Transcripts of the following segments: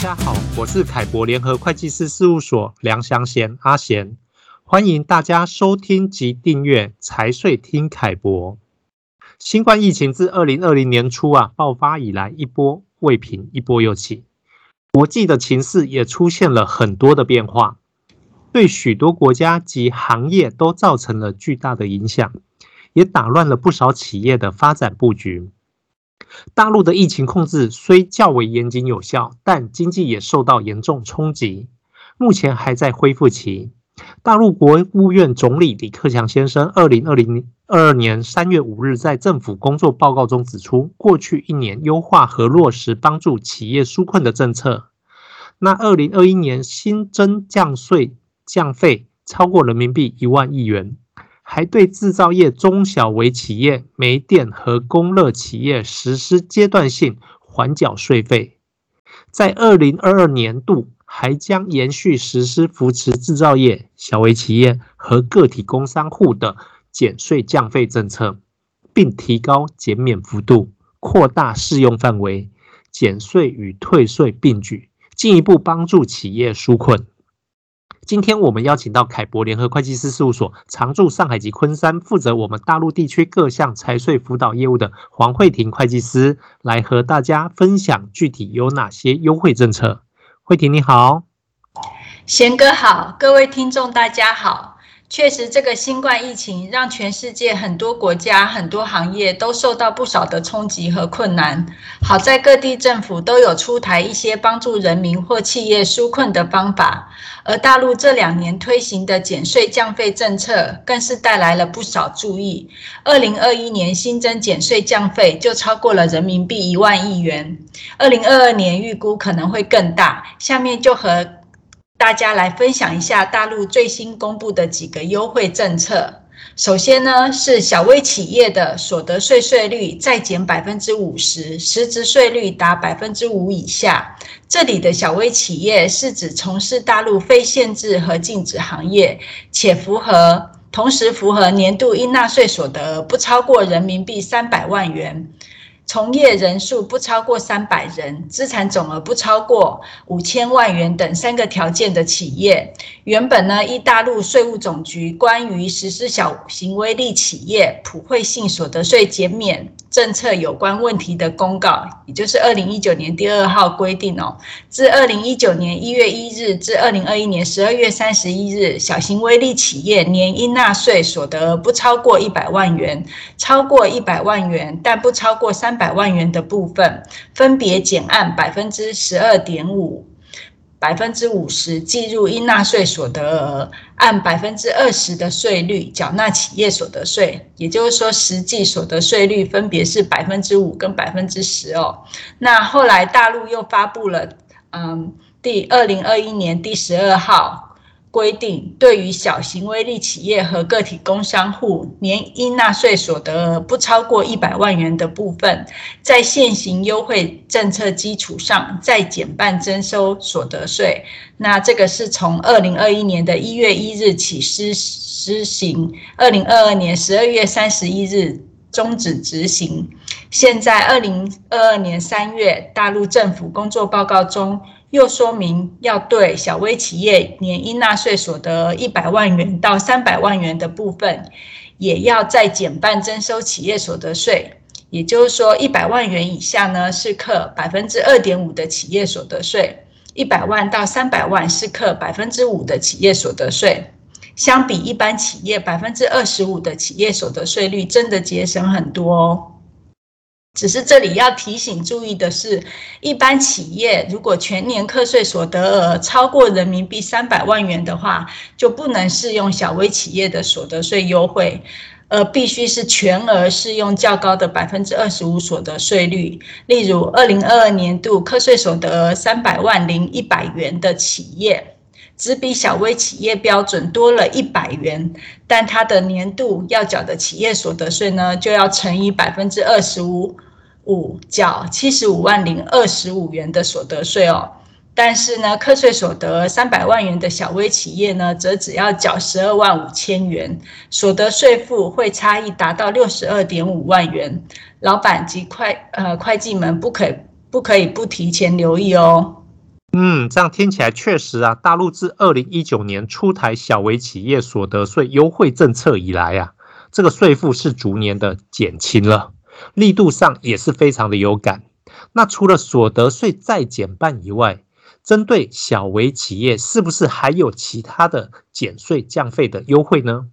大家好，我是凱博聯合會計師事務所梁祥賢阿賢，歡迎大家收聽及訂閱財稅聽凱博。新冠疫情自二零二零年初啊爆發以來，一波未平，一波又起，國際的情勢也出現了很多的變化，對許多國家及行業都造成了巨大的影響，也打亂了不少企業的發展佈局。大陸的疫情控制雖較為嚴謹有效，但經濟也受到嚴重衝擊，目前還在恢復期。大陸國務院總理李克強先生二零二二年三月五日在政府工作報告中指出，過去一年優化和落實幫助企業紓困的政策，那二零二一年新增降稅降費超過人民幣一萬億元。還對製造業中小微企業、煤電和供熱企業實施階段性緩繳稅費。在二零二二年度，還將延續實施扶持製造業、小微企業和個體工商戶的減稅降費政策，並提高減免幅度、擴大適用範圍，減稅與退稅並舉，進一步幫助企業紓困。今天我們邀請到凱博聯合會計師事務所常駐上海及昆山，負責我們大陸地區各項財稅輔導業務的黃慧婷會計師，來和大家分享具體有哪些優惠政策。慧婷你好，賢哥好，各位聽眾大家好。確實，這個新冠疫情讓全世界很多國家、很多行業都受到不少的衝擊和困難。好在各地政府都有出台一些幫助人民或企業紓困的方法，而大陸這兩年推行的減稅降費政策更是帶來了不少注意。二零二一年新增減稅降費就超過了人民幣一萬億元，二零二二年預估可能會更大。下面就和大家來分享一下大陸最新公布的幾個優惠政策。首先呢，是小微企業的所得稅稅率再減百分之五十，實質稅率達百分之五以下。這裡的小微企業是指從事大陸非限制和禁止行業，且符合同時符合年度應納稅所得不超過人民幣三百萬元。從業人數不超過三百人，資產總額不超過五千萬元等三個條件的企業，原本呢，依大陸稅務總局關於實施小型微利企業普惠性所得稅減免。政策有關問題的公告，也就是二零一九年第二號規定哦，自二零一九年一月一日至二零二一年十二月三十一日，小型微利企業年應納稅所得額不超過一百萬元，超過一百萬元但不超過三百萬元的部分，分別減按百分之十二點五。百分之五十計入應納稅所得額，按百分之二十的稅率繳納企業所得稅，也就是說，實際所得稅率分別是百分之五跟百分之十哦。那後來大陸又發布了，嗯，第二零二一年第十二號。規定，對於小型微利企業和個體工商戶，年應納稅所得額不超過一百萬元的部分，在現行優惠政策基礎上再減半徵收所得稅。那這個是從二零二一年的一月一日起施施行，二零二二年十二月三十一日終止執行。現在二零二二年三月，大陸政府工作報告中。又說明要對小微企業年應納稅所得一百萬元到三百萬元的部分，也要再減半徵收企業所得稅。也就是說，一百萬元以下呢是課百分之二點五的企業所得稅，一百萬到三百萬是課百分之五的企業所得稅。相比一般企業百分之二十五的企業所得稅率，真的節省很多哦。只是這裡要提醒注意的是，一般企業如果全年課稅所得額超過人民幣三百萬元的話，就不能適用小微企業的所得稅優惠，而必須是全額適用較高的百分之二十五所得稅率。例如，二零二二年度課稅所得額三百萬零一百元的企業。只比小微企業標準多了一百元，但它的年度要繳的企業所得稅呢，就要乘以百分之二十五，五繳七十五萬零二十五元的所得稅哦。但是呢，課稅所得三百萬元的小微企業呢，則只要繳十二萬五千元，所得稅負會差異達到六十二點五萬元。老闆及會呃會計們不可以不可以不提前留意哦。嗯，這樣聽起來確實啊。大陸自二零一九年出台小微企業所得稅優惠政策以來啊，這個稅負是逐年的減輕了，力度上也是非常的有感。那除了所得稅再減半以外，針對小微企業是不是還有其他的減稅降費的優惠呢？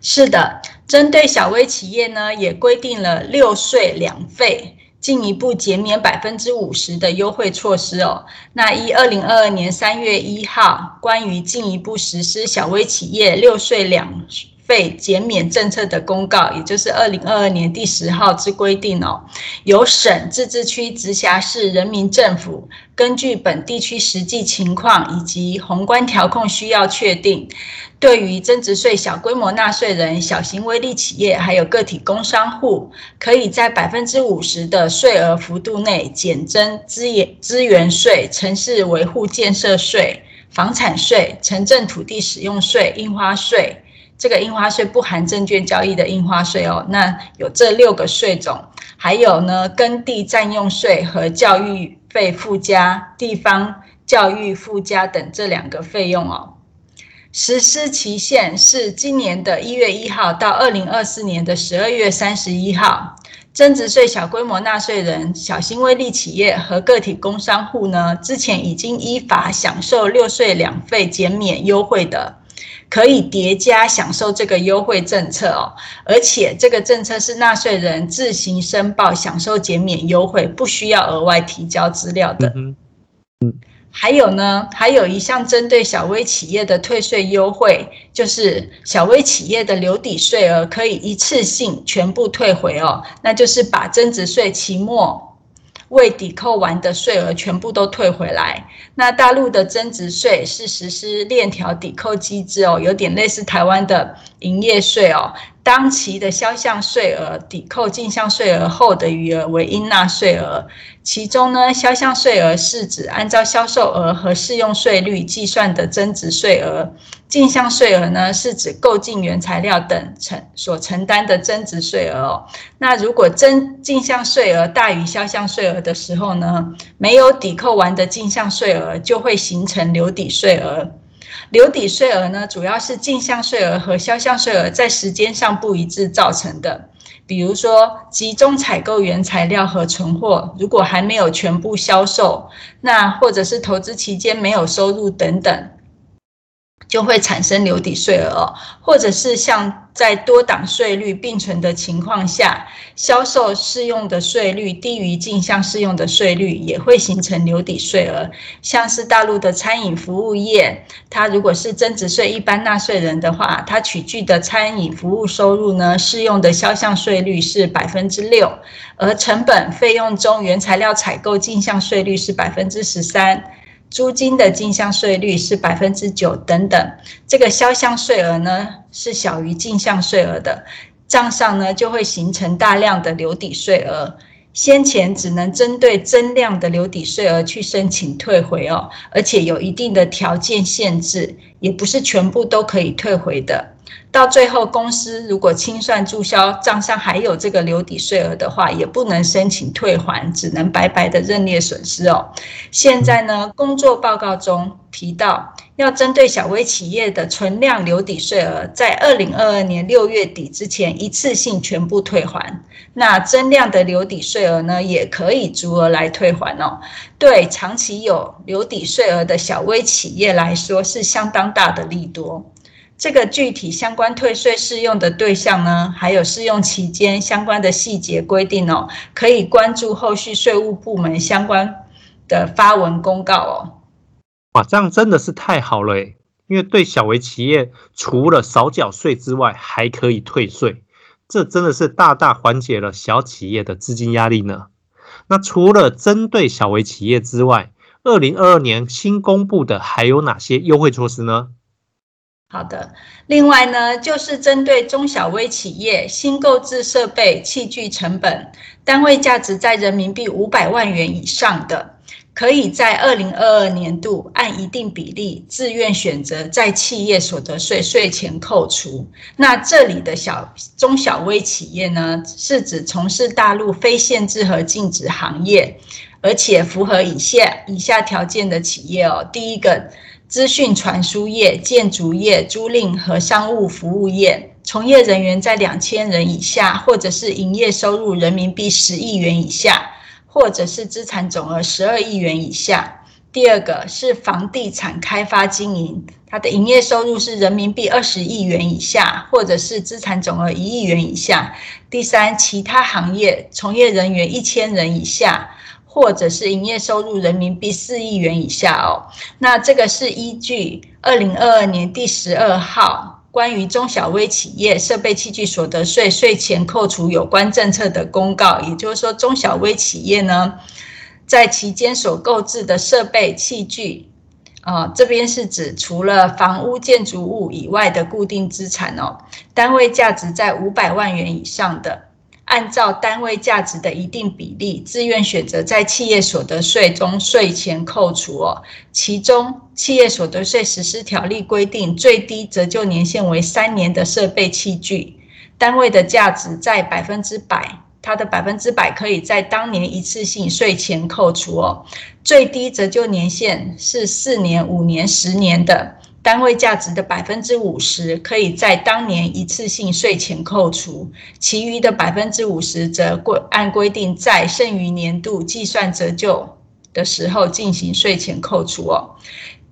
是的，針對小微企業呢，也規定了六稅兩費。進一步減免百分之五十的優惠措施哦。那依二零二二年三月一號關於進一步實施小微企業六稅兩費減免政策的公告，也就是二零二二年第十號之規定哦，由省、自治區、直轄市人民政府。根據本地區實際情況以及宏觀調控需要確定，對於增值稅小規模納稅人、小型微利企業，還有個體工商戶，可以在百分之五十的稅額幅度內減徵資源資源稅、城市維護建設稅、房產稅、城鎮土地使用稅、印花稅。這個印花稅不含證券交易的印花稅哦。那有這六個稅種，還有呢，耕地占用稅和教育。費附加、地方教育附加等這兩個費用哦，實施期限是今年的一月一號到二零二四年的十二月三十一號。增值稅小規模納稅人、小型微利企業和個體工商戶呢，之前已經依法享受六稅兩費減免優惠的，可以疊加享受這個優惠政策哦，而且這個政策是納稅人自行申報享受減免優惠，不需要額外提交資料的。嗯，還有呢，還有一項針對小微企業的退稅優惠，就是小微企業的留抵稅額可以一次性全部退回哦，那就是把增值稅期末。未抵扣完的稅額全部都退回來。那大陸的增值稅是實施鏈條抵扣機制哦，有點類似台灣的營業稅哦。當期的銷項稅額抵扣進項稅額後的餘額為應納稅額，其中呢，銷項稅額是指按照銷售額和適用稅率計算的增值稅額，進項稅額呢，是指購進原材料等承所承擔的增值稅額。那如果增進項稅額大於銷項稅額的時候呢，沒有抵扣完的進項稅額就會形成留抵稅額。留抵稅額呢，主要是進項稅額和銷項稅額在時間上不一致造成的。比如說，集中採購原材料和存貨，如果還沒有全部銷售，那或者是投資期間沒有收入等等。就會產生留抵稅額，或者是像在多檔稅率並存的情況下，銷售適用的稅率低於進項適用的稅率，也會形成留抵稅額。像是大陸的餐飲服務業，它如果是增值稅一般納稅人的話，它取得的餐飲服務收入呢，適用的銷項稅率是百分之六，而成本費用中原材料採購進項稅率是百分之十三。租金的進項稅率是百分之九等等，這個銷項稅額呢是小於進項稅額的，賬上呢就會形成大量的留抵稅額。先前只能針對增量的留抵稅額去申請退回哦，而且有一定的條件限制，也不是全部都可以退回的。到最後，公司如果清算註銷，賬上還有這個留抵稅額的話，也不能申請退還，只能白白的認列損失哦。現在呢，工作報告中提到，要針對小微企業的存量留抵稅額，在二零二二年六月底之前一次性全部退還。那增量的留抵稅額呢，也可以足額來退還哦。對長期有留抵稅額的小微企業來說，是相當大的利多。這個具體相關退稅適用的對象呢，還有適用期間相關的細節規定哦，可以關注後續稅務部門相關的發文公告哦。哇，這樣真的是太好了誒！因為對小微企業，除了少繳稅之外，還可以退稅，這真的是大大緩解了小企業的資金壓力呢。那除了針對小微企業之外，二零二二年新公布的還有哪些優惠措施呢？好的，另外呢，就是針對中小微企業新購置設備、器具成本，單位價值在人民幣五百萬元以上的。可以在二零二二年度按一定比例自願選擇在企業所得稅稅前扣除。那這裡的小中小微企業呢，是指從事大陸非限制和禁止行業，而且符合以下以下條件的企業哦。第一個，資訊傳輸業、建築業、租賃和商務服務業，從業人員在兩千人以下，或者是營業收入人民幣十億元以下，或者是資產總額十二億元以下，第二個是房地產開發經營，它的營業收入是人民幣二十億元以下，或者是資產總額一億元以下。第三，其他行業從業人員一千人以下，或者是營業收入人民幣四億元以下哦。那這個是依據二零二二年第十二號。關於中小微企業設備器具所得稅稅前扣除有關政策的公告，也就是說，中小微企業呢，在期間所購置的設備器具，啊、呃，這邊是指除了房屋建築物以外的固定資產哦，單位價值在五百萬元以上的。按照單位價值的一定比例，自願選擇在企業所得稅中稅前扣除哦。其中，企業所得稅實施條例規定，最低折舊年限為三年的設備器具，單位的價值在百分之百，它的百分之百可以在當年一次性稅前扣除哦。最低折舊年限是四年、五年、十年的，單位價值的百分之五十，可以在當年一次性稅前扣除，其餘的百分之五十則規按規定在剩餘年度計算折舊的時候進行稅前扣除哦。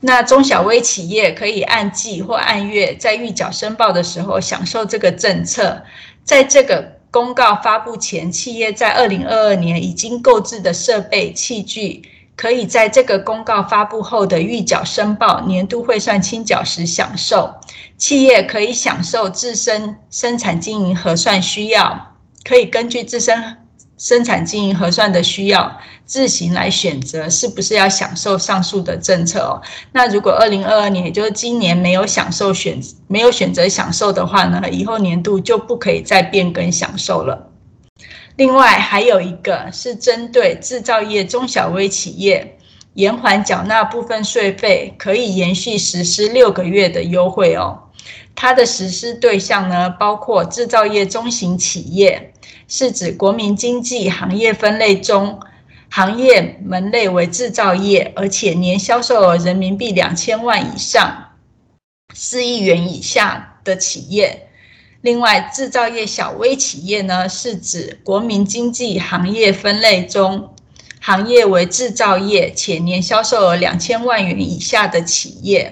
那中小微企業可以按季或按月在預繳申報的時候享受這個政策。在這個公告發布前，企業在二零二二年已經購置的設備器具。可以在這個公告發布後的預繳申報年度匯算清繳時享受，企業可以享受自身生產經營核算需要，可以根據自身生產經營核算的需要自行來選擇是不是要享受上述的政策哦。那如果二零二二年，也就是今年沒有享受選，沒有選擇享受的話呢，以後年度就不可以再變更享受了。另外還有一個是針對製造業中小微企業，延緩繳、繳納部分稅費，可以延續實施六個月的優惠哦。它的實施對象呢，包括製造業中型企業，是指國民經濟行業分類中行業門類為製造業，而且年銷售額人民幣兩千萬以上、四億元以下的企業。另外，製造業小微企業呢，是指國民經濟行業分類中，行業為製造業且年銷售額兩千萬元以下的企業，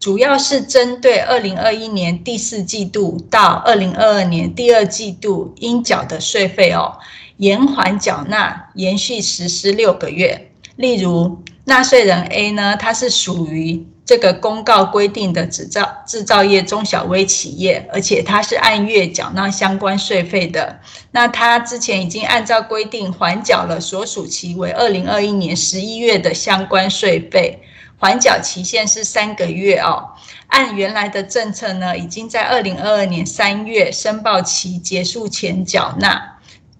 主要是針對二零二一年第四季度到二零二二年第二季度應繳的稅費哦，延緩繳納，延續實施六個月。例如，納稅人 A 呢，它是屬於。這個公告規定的製造製造業中小微企業，而且它是按月繳納相關稅費的。那它之前已經按照規定緩繳了所屬期為二零二一年十一月的相關稅費，緩繳期限是三個月哦。按原來的政策呢，已經在二零二二年三月申報期結束前繳納。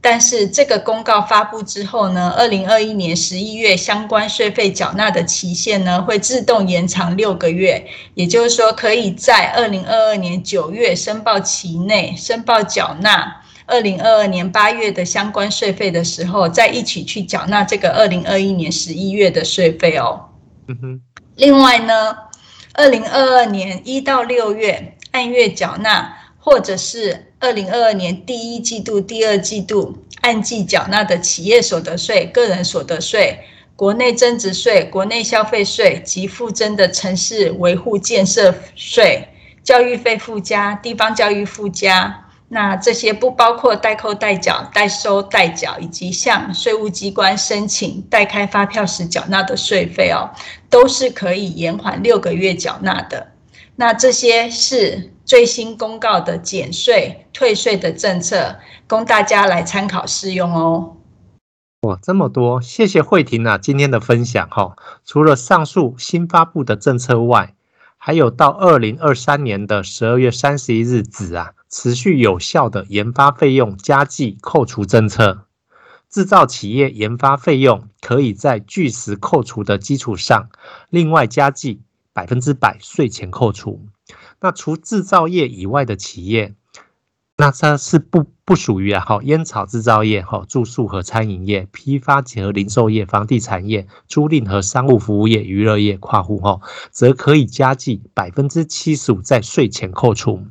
但是這個公告發布之後呢，二零二一年十一月相關稅費繳納的期限呢，會自動延長六個月，也就是說，可以在二零二二年九月申報期內申報繳納二零二二年八月的相關稅費的時候，再一起去繳納這個二零二一年十一月的稅費哦。嗯哼。另外呢，二零二二年一到六月按月繳納，或者是。二零二二年第一季度、第二季度按季繳納的企業所得稅、個人所得稅、國內增值稅、國內消費稅及附徵的城市維護建設稅、教育費附加、地方教育附加，那這些不包括代扣代繳、代收代繳以及向稅務機關申請代開發票時繳納的稅費哦，都是可以延緩六個月繳納的。那這些是。最新公告的減稅退稅的政策，供大家來參考試用哦。哇，這麼多，謝謝慧婷啊，今天的分享哈、哦。除了上述新發布的政策外，還有到二零二三年的十二月三十一日止啊，持續有效的研發費用加計扣除政策，制造企業研發費用可以在據實扣除的基礎上，另外加計百分之百稅前扣除。那除製造業以外的企業，那它是不不屬於啊。哈，菸草製造業、哈住宿和餐飲業、批發和零售業、房地產業、租賃和商務服務業、娛樂業跨戶哈，則、哦、可以加計百分之七十五在稅前扣除。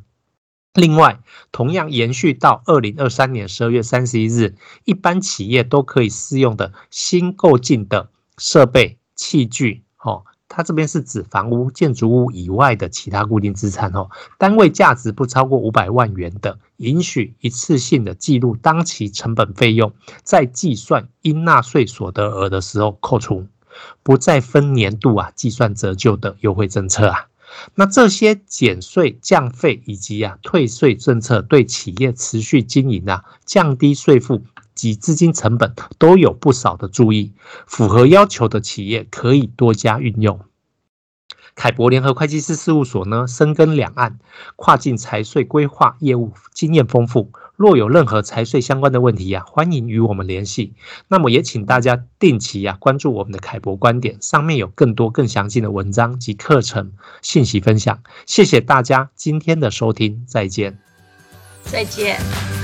另外，同樣延續到二零二三年十二月三十一日，一般企業都可以適用的新購進的設備器具哈。哦它這邊是指房屋、建築物以外的其他固定資產哦，單位價值不超過五百萬元的，允許一次性的計入當期成本費用，在計算應納稅所得額的時候扣除，不再分年度啊計算折舊的優惠政策啊。那這些減稅降費以及啊退稅政策，對企業持續經營啊，降低稅負。及資金成本都有不少的注意，符合要求的企業可以多加運用。凱博聯合會計師事務所呢，深耕兩岸跨境財稅規劃業務經驗豐富，若有任何財稅相關的問題呀、啊，歡迎與我們聯繫。那麼也請大家定期呀、啊，關注我們的凱博觀點，上面有更多更詳盡的文章及課程信息分享。謝謝大家今天的收聽，再見，再見。